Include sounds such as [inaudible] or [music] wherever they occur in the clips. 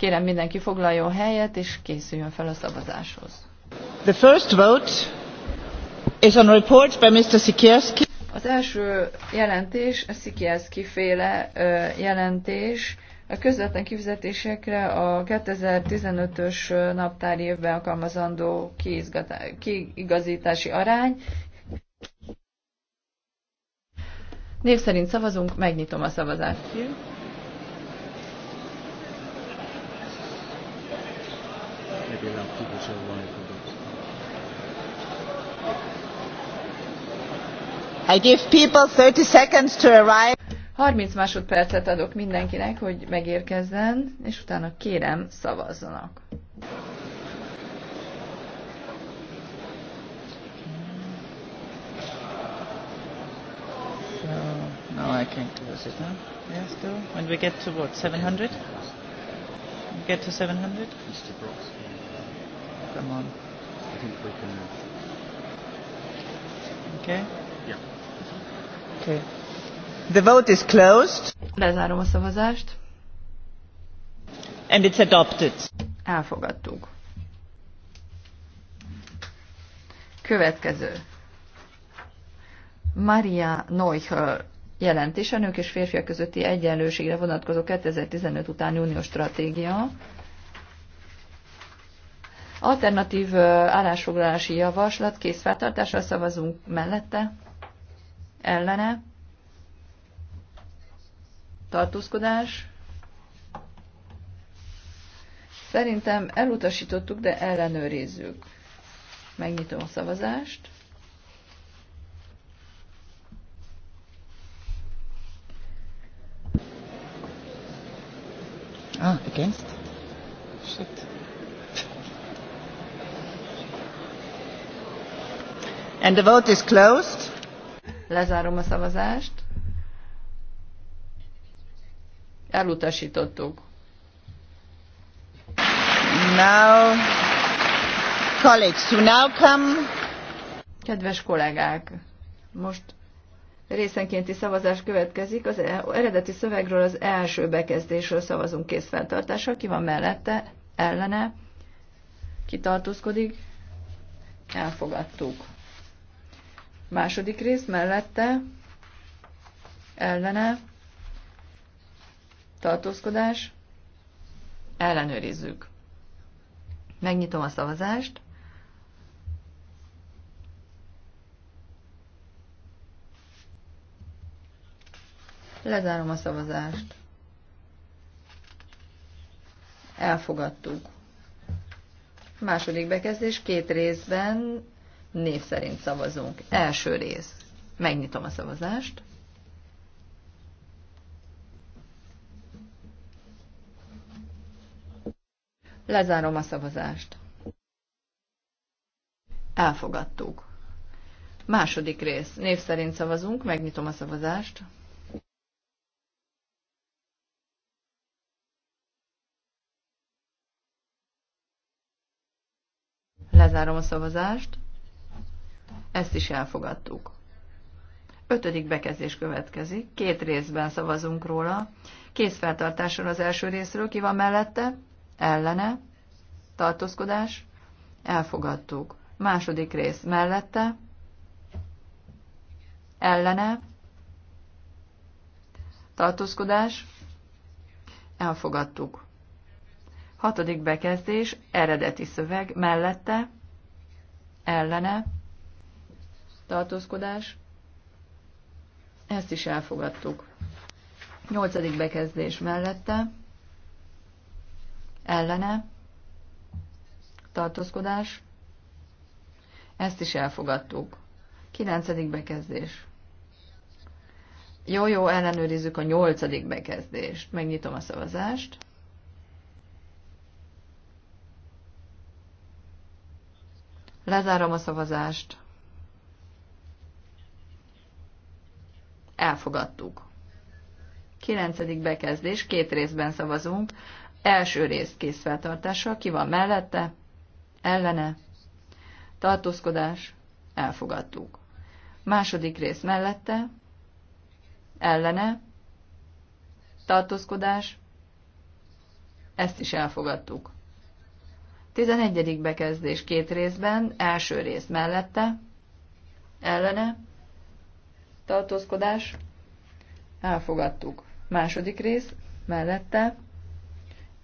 Kérem mindenki foglaljon helyet, és készüljön fel a szavazáshoz. The first vote is on report by Mr. Sikierski. Az első jelentés, a Sikierski féle jelentés, a közvetlen kifizetésekre a 2015-ös naptári évben alkalmazandó kiigazítási arány. Név szerint szavazunk, megnyitom a szavazást. I give people 30 seconds to arrive. 30 másodpercet adok mindenkinek, hogy megérkezzen, és utána kérem, szavazzanak. So now I can close it, huh? Yes, do. When we get to what, 700? We get to 700? Mr. Brooks, come on. I think we can. Uh, okay. Yeah. Okay. The vote is closed. Lezárom a szavazást. And it's adopted. Elfogadtuk. Következő. Maria Neuchel jelentés a nők és férfiak közötti egyenlőségre vonatkozó 2015 után uniós stratégia. Alternatív állásfoglalási javaslat, kész feltartásra szavazunk mellette, ellene, tartózkodás. Szerintem elutasítottuk, de ellenőrizzük. Megnyitom a szavazást. Ah, against? Shit. And the vote is closed. Lezárom a szavazást. Elutasítottuk. Now, colleagues, you now come. Kedves kollégák, most részenkénti szavazás következik. Az e- eredeti szövegről az első bekezdésről szavazunk készfeltartással. Ki van mellette? Ellene? Ki tartózkodik? Elfogadtuk. Második rész mellette ellene tartózkodás ellenőrizzük. Megnyitom a szavazást. Lezárom a szavazást. Elfogadtuk. Második bekezdés két részben, Név szerint szavazunk. Első rész. Megnyitom a szavazást. Lezárom a szavazást. Elfogadtuk. Második rész. Név szerint szavazunk, megnyitom a szavazást. Lezárom a szavazást. Ezt is elfogadtuk. Ötödik bekezdés következik. Két részben szavazunk róla. Készfeltartáson az első részről ki van mellette? Ellene. Tartózkodás. Elfogadtuk. Második rész mellette. Ellene. Tartózkodás. Elfogadtuk. Hatodik bekezdés, eredeti szöveg, mellette, ellene, tartózkodás, ezt is elfogadtuk. Nyolcadik bekezdés mellette, ellene, tartózkodás, ezt is elfogadtuk. Kilencedik bekezdés. Jó, jó, ellenőrizzük a nyolcadik bekezdést. Megnyitom a szavazást. Lezárom a szavazást. Elfogadtuk. 9. bekezdés, két részben szavazunk. Első rész készfeltartással, ki van mellette, ellene, tartózkodás, elfogadtuk. Második rész mellette, ellene, tartózkodás, ezt is elfogadtuk. 11. bekezdés két részben, első rész mellette, ellene, tartózkodás, elfogadtuk. Második rész, mellette,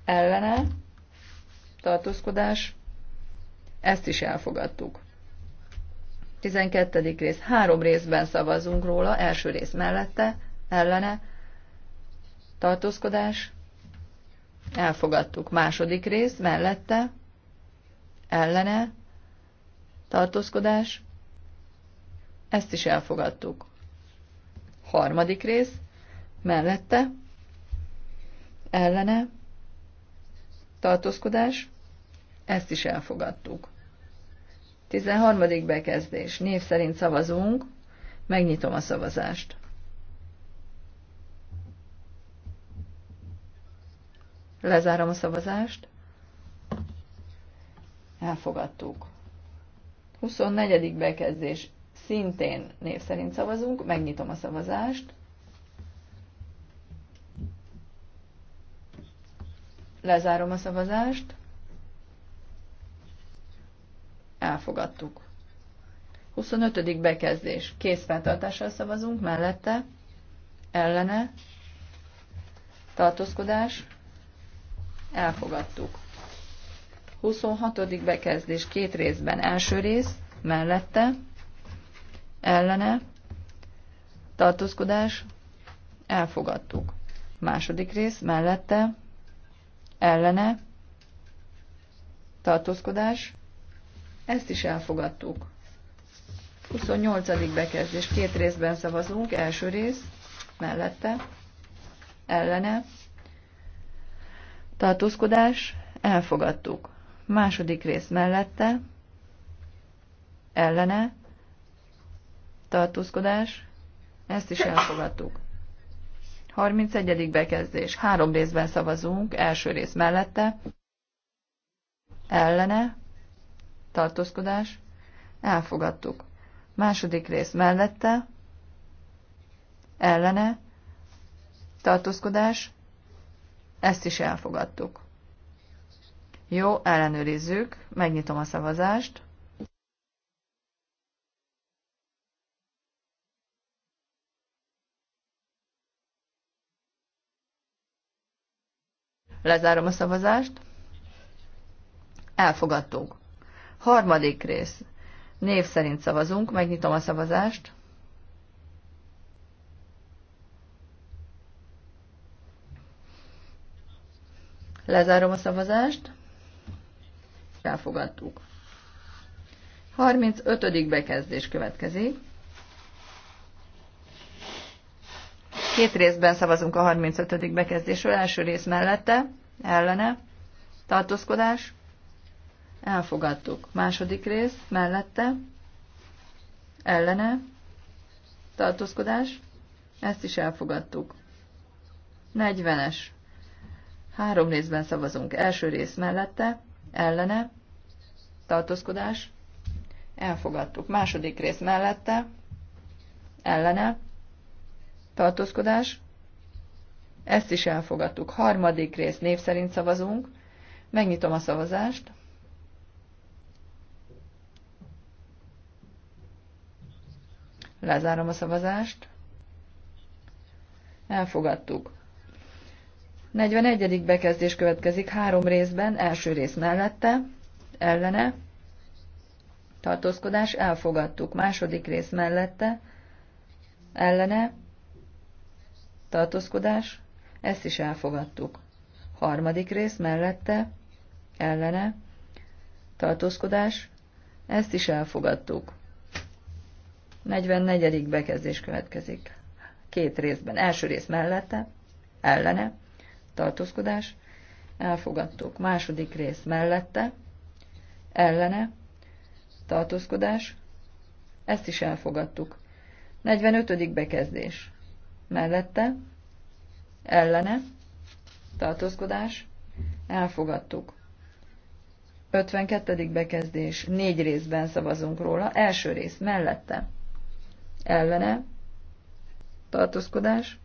ellene, tartózkodás, ezt is elfogadtuk. 12. rész, három részben szavazunk róla, első rész mellette, ellene, tartózkodás, elfogadtuk. Második rész, mellette, ellene, tartózkodás, ezt is elfogadtuk. Harmadik rész, mellette, ellene, tartózkodás, ezt is elfogadtuk. 13. bekezdés. Név szerint szavazunk. Megnyitom a szavazást. Lezárom a szavazást. Elfogadtuk. 24. bekezdés. Szintén név szerint szavazunk, megnyitom a szavazást. Lezárom a szavazást. Elfogadtuk. 25. bekezdés. feltartással szavazunk, mellette, ellene, tartózkodás, elfogadtuk. 26. bekezdés két részben, első rész, mellette, ellene, tartózkodás, elfogadtuk. Második rész mellette, ellene, tartózkodás, ezt is elfogadtuk. 28. bekezdés, két részben szavazunk, első rész, mellette, ellene, tartózkodás, elfogadtuk. Második rész mellette, ellene, tartózkodás, ezt is elfogadtuk. 31. bekezdés. Három részben szavazunk, első rész mellette, ellene, tartózkodás, elfogadtuk. Második rész mellette, ellene, tartózkodás, ezt is elfogadtuk. Jó, ellenőrizzük, megnyitom a szavazást. Lezárom a szavazást. Elfogadtunk. Harmadik rész. Név szerint szavazunk. Megnyitom a szavazást. Lezárom a szavazást. Elfogadtuk. 35. bekezdés következik. Két részben szavazunk a 35. bekezdésről, első rész mellette, ellene, tartózkodás, elfogadtuk. Második rész mellette, ellene, tartózkodás, ezt is elfogadtuk. 40-es. Három részben szavazunk. Első rész mellette, ellene, tartózkodás, elfogadtuk. Második rész mellette, ellene, tartózkodás, ezt is elfogadtuk. Harmadik rész név szerint szavazunk, megnyitom a szavazást, lezárom a szavazást, elfogadtuk. 41. bekezdés következik három részben, első rész mellette, ellene, tartózkodás, elfogadtuk. Második rész mellette, ellene, tartózkodás, ezt is elfogadtuk. Harmadik rész mellette, ellene, tartózkodás, ezt is elfogadtuk. 44. bekezdés következik. Két részben. Első rész mellette, ellene, tartózkodás, elfogadtuk. Második rész mellette, ellene, tartózkodás, ezt is elfogadtuk. 45. bekezdés mellette, ellene, tartózkodás, elfogadtuk. 52. bekezdés, négy részben szavazunk róla, első rész mellette, ellene, tartózkodás,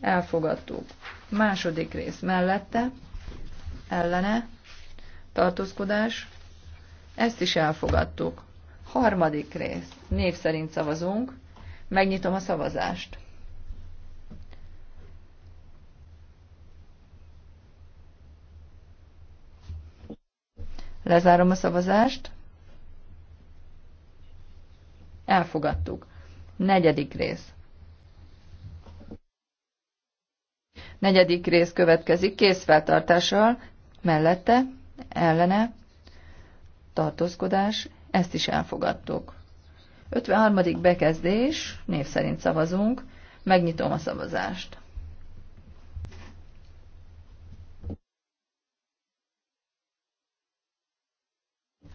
elfogadtuk. Második rész mellette, ellene, tartózkodás, ezt is elfogadtuk. Harmadik rész, név szerint szavazunk, megnyitom a szavazást. Lezárom a szavazást. Elfogadtuk. Negyedik rész. Negyedik rész következik készfeltartással, mellette, ellene, tartózkodás, ezt is elfogadtuk. 53. bekezdés, név szerint szavazunk, megnyitom a szavazást.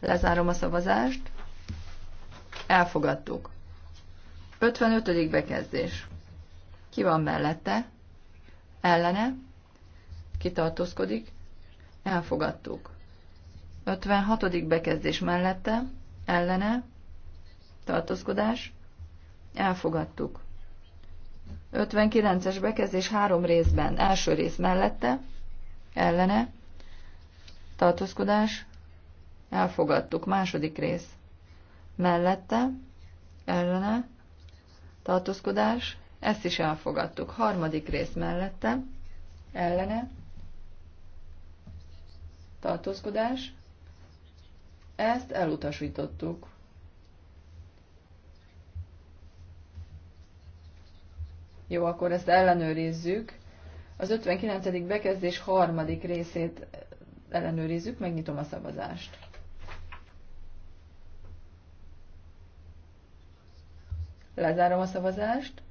Lezárom a szavazást. Elfogadtuk. 55. bekezdés. Ki van mellette? Ellene? Kitartózkodik? Elfogadtuk. 56. bekezdés mellette? Ellene? Tartózkodás? Elfogadtuk. 59-es bekezdés három részben. Első rész mellette? Ellene? Tartózkodás? Elfogadtuk. Második rész. Mellette, ellene, tartózkodás, ezt is elfogadtuk. Harmadik rész mellette, ellene, tartózkodás, ezt elutasítottuk. Jó, akkor ezt ellenőrizzük. Az 59. bekezdés harmadik részét ellenőrizzük, megnyitom a szavazást. Lezárom a szavazást.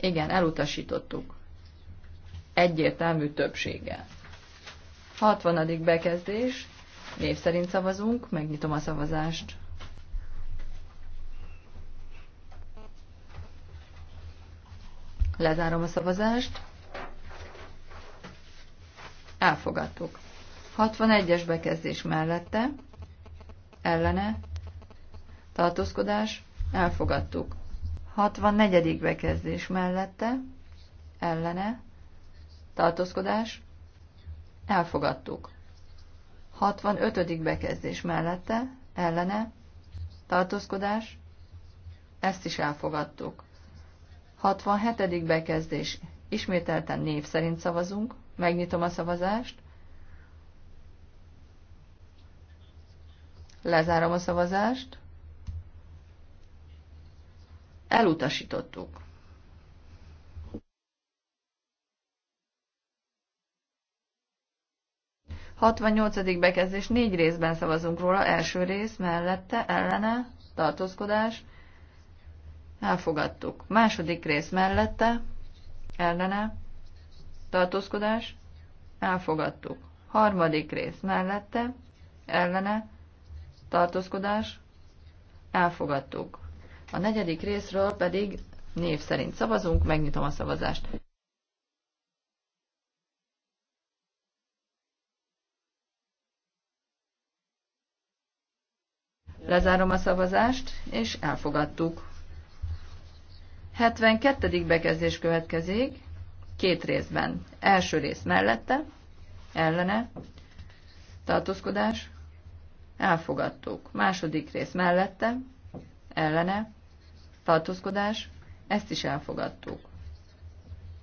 Igen, elutasítottuk. Egyértelmű többséggel. 60. bekezdés. Név szerint szavazunk, megnyitom a szavazást. Lezárom a szavazást. Elfogadtuk. 61-es bekezdés mellette, ellene tartózkodás, elfogadtuk. 64. bekezdés mellette, ellene, tartózkodás, elfogadtuk. 65. bekezdés mellette, ellene, tartózkodás, ezt is elfogadtuk. 67. bekezdés, ismételten név szerint szavazunk, megnyitom a szavazást, lezárom a szavazást, elutasítottuk. Hatvannyolcadik bekezdés négy részben szavazunk róla, első rész mellette, ellene, tartózkodás, elfogadtuk. Második rész mellette, ellene, tartózkodás, elfogadtuk. Harmadik rész mellette, ellene, tartózkodás, elfogadtuk. A negyedik részről pedig név szerint szavazunk, megnyitom a szavazást. Lezárom a szavazást, és elfogadtuk. 72. bekezdés következik, két részben. Első rész mellette, ellene, tartózkodás, elfogadtuk. Második rész mellette, ellene, tartózkodás, ezt is elfogadtuk.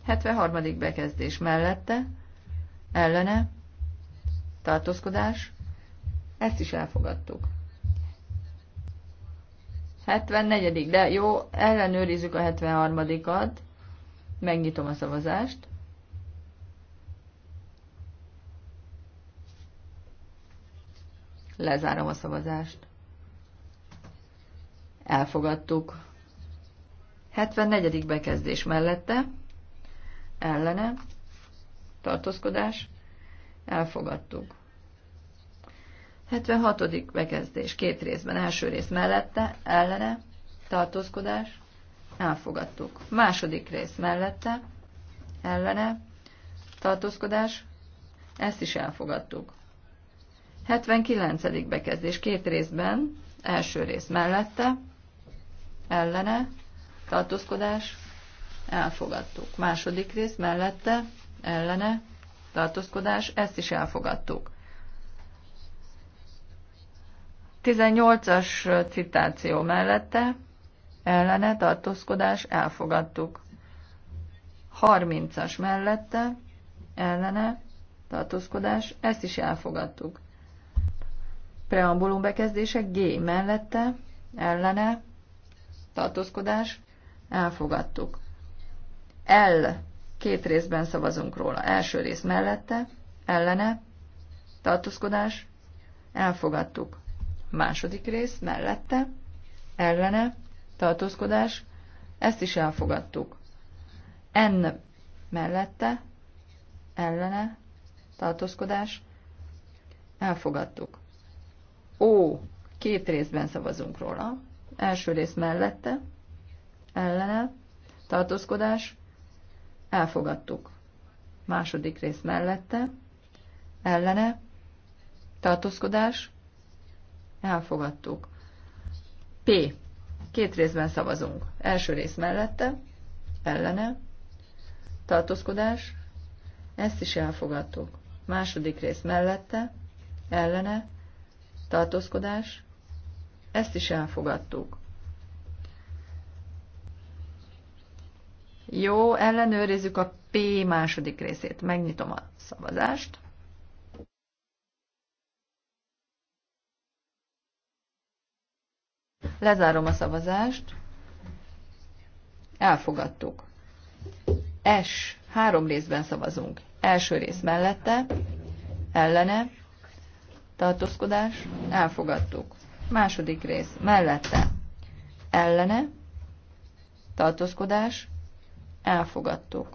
73. bekezdés mellette, ellene, tartózkodás, ezt is elfogadtuk. 74. De jó, ellenőrizzük a 73-at. Megnyitom a szavazást. Lezárom a szavazást. Elfogadtuk. 74. bekezdés mellette, ellene, tartózkodás, elfogadtuk. 76. bekezdés két részben, első rész mellette, ellene, tartózkodás, elfogadtuk. Második rész mellette, ellene, tartózkodás, ezt is elfogadtuk. 79. bekezdés két részben, első rész mellette, ellene, tartózkodás, elfogadtuk. Második rész mellette, ellene, tartózkodás, ezt is elfogadtuk. 18-as citáció mellette, ellene, tartózkodás, elfogadtuk. 30-as mellette, ellene, tartózkodás, ezt is elfogadtuk. Preambulum bekezdése G mellette, ellene, tartózkodás, elfogadtuk. El, két részben szavazunk róla. Első rész mellette, ellene, tartózkodás, elfogadtuk. Második rész mellette, ellene, tartózkodás, ezt is elfogadtuk. N mellette, ellene, tartózkodás, elfogadtuk. Ó, két részben szavazunk róla. Első rész mellette, ellene, tartózkodás, elfogadtuk. Második rész mellette, ellene, tartózkodás, elfogadtuk. P. Két részben szavazunk. Első rész mellette, ellene, tartózkodás, ezt is elfogadtuk. Második rész mellette, ellene, tartózkodás, ezt is elfogadtuk. Jó, ellenőrizzük a P második részét. Megnyitom a szavazást. Lezárom a szavazást. Elfogadtuk. S. Három részben szavazunk. Első rész mellette, ellene, tartózkodás, elfogadtuk. Második rész mellette, ellene, tartózkodás, elfogadtuk.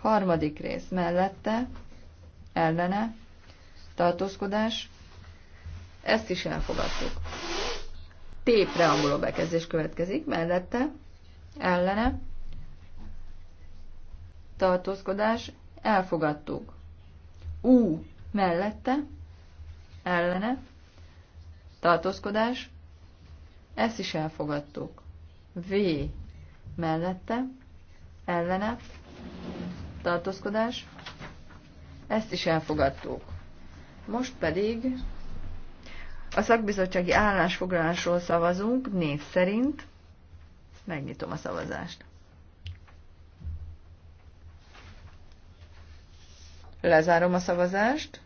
Harmadik rész mellette, ellene, tartózkodás, ezt is elfogadtuk. T preambuló bekezdés következik, mellette, ellene, tartózkodás, elfogadtuk. U mellette, ellene, tartózkodás, ezt is elfogadtuk. V mellette, ellene, tartózkodás, ezt is elfogadtuk. Most pedig a szakbizottsági állásfoglalásról szavazunk név szerint. Megnyitom a szavazást. Lezárom a szavazást.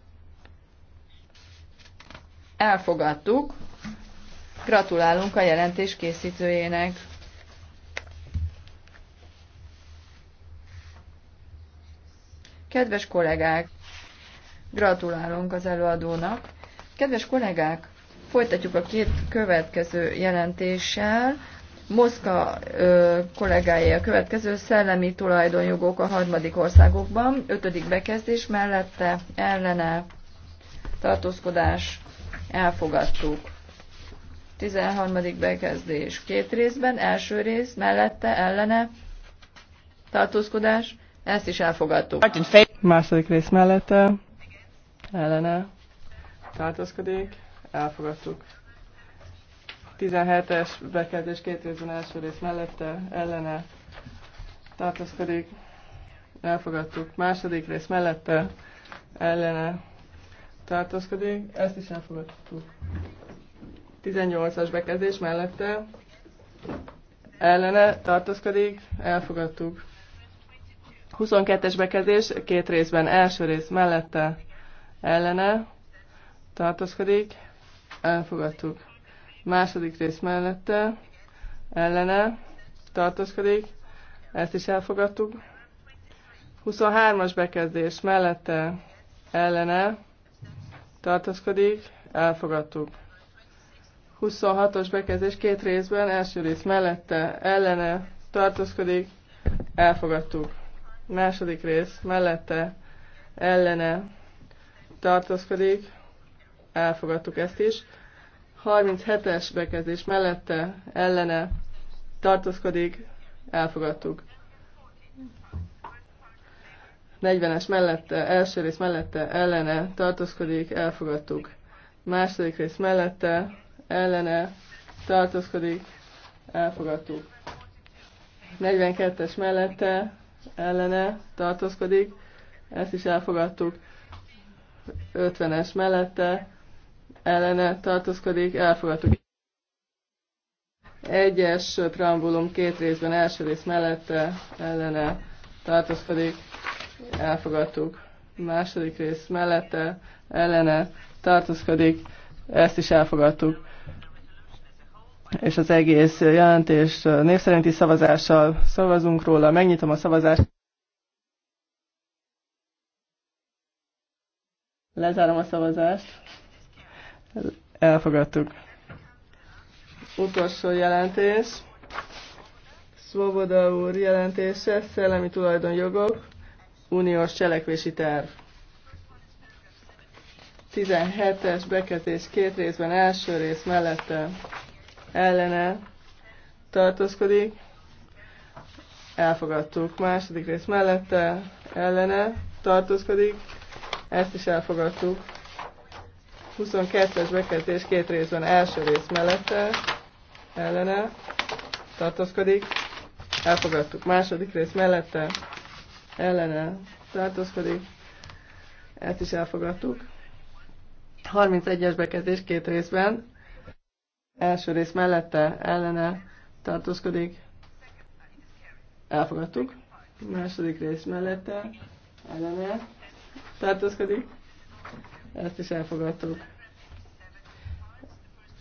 Elfogadtuk. Gratulálunk a jelentés készítőjének. Kedves kollégák, gratulálunk az előadónak. Kedves kollégák, folytatjuk a két következő jelentéssel. Moszka ö, kollégái a következő szellemi tulajdonjogok a harmadik országokban, ötödik bekezdés mellette, ellene, tartózkodás, elfogadtuk. 13. bekezdés. Két részben, első rész, mellette, ellene, tartózkodás, ezt is elfogadtuk. Második rész mellette, ellene, tartózkodik, elfogadtuk. 17-es bekezdés két részben első rész mellette, ellene, tartózkodik, elfogadtuk. Második rész mellette, ellene, tartózkodik, ezt is elfogadtuk. 18-as bekezdés mellette, ellene, tartózkodik, elfogadtuk. 22-es bekezdés két részben, első rész mellette ellene tartózkodik, elfogadtuk. Második rész mellette ellene tartózkodik, ezt is elfogadtuk. 23-as bekezdés mellette ellene tartózkodik, elfogadtuk. 26-os bekezdés két részben, első rész mellette ellene tartózkodik, elfogadtuk. Második rész mellette ellene tartózkodik, elfogadtuk ezt is. 37-es bekezdés mellette ellene tartózkodik, elfogadtuk. 40-es mellette, első rész mellette ellene tartózkodik, elfogadtuk. Második rész mellette ellene tartózkodik, elfogadtuk. 42-es mellette ellene tartózkodik, ezt is elfogadtuk. 50-es mellette ellene tartózkodik, elfogadtuk. Egyes preambulum két részben, első rész mellette ellene tartózkodik, elfogadtuk. Második rész mellette ellene tartózkodik, ezt is elfogadtuk és az egész jelentés név szerinti szavazással szavazunk róla. Megnyitom a szavazást. Lezárom a szavazást. Elfogadtuk. Utolsó jelentés. Svoboda úr jelentése, szellemi tulajdonjogok, uniós cselekvési terv. 17-es bekezdés két részben, első rész mellette ellene tartózkodik, elfogadtuk. Második rész mellette ellene tartózkodik, ezt is elfogadtuk. 22-es bekezdés két részben, első rész mellette ellene tartózkodik, elfogadtuk. Második rész mellette ellene tartózkodik, ezt is elfogadtuk. 31-es bekezdés két részben, Első rész mellette ellene tartózkodik. Elfogadtuk. Második rész mellette ellene tartózkodik. Ezt is elfogadtuk.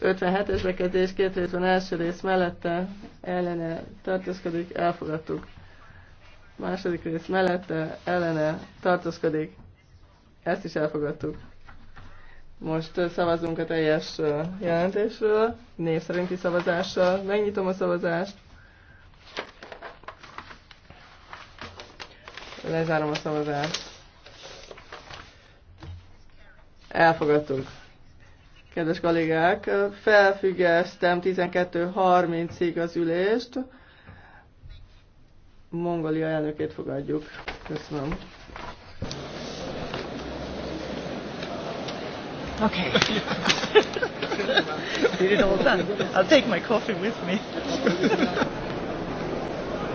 57-es bekezdés, két rész van első rész mellette, ellene tartózkodik, elfogadtuk. Második rész mellette, ellene tartózkodik, ezt is elfogadtuk. Most szavazunk a teljes jelentésről, név szerinti szavazással. Megnyitom a szavazást. Lezárom a szavazást. Elfogadtuk. Kedves kollégák, felfüggesztem 12.30-ig az ülést. Mongolia elnökét fogadjuk. Köszönöm. Okay. Did [laughs] it all done. I'll take my coffee with me. [laughs]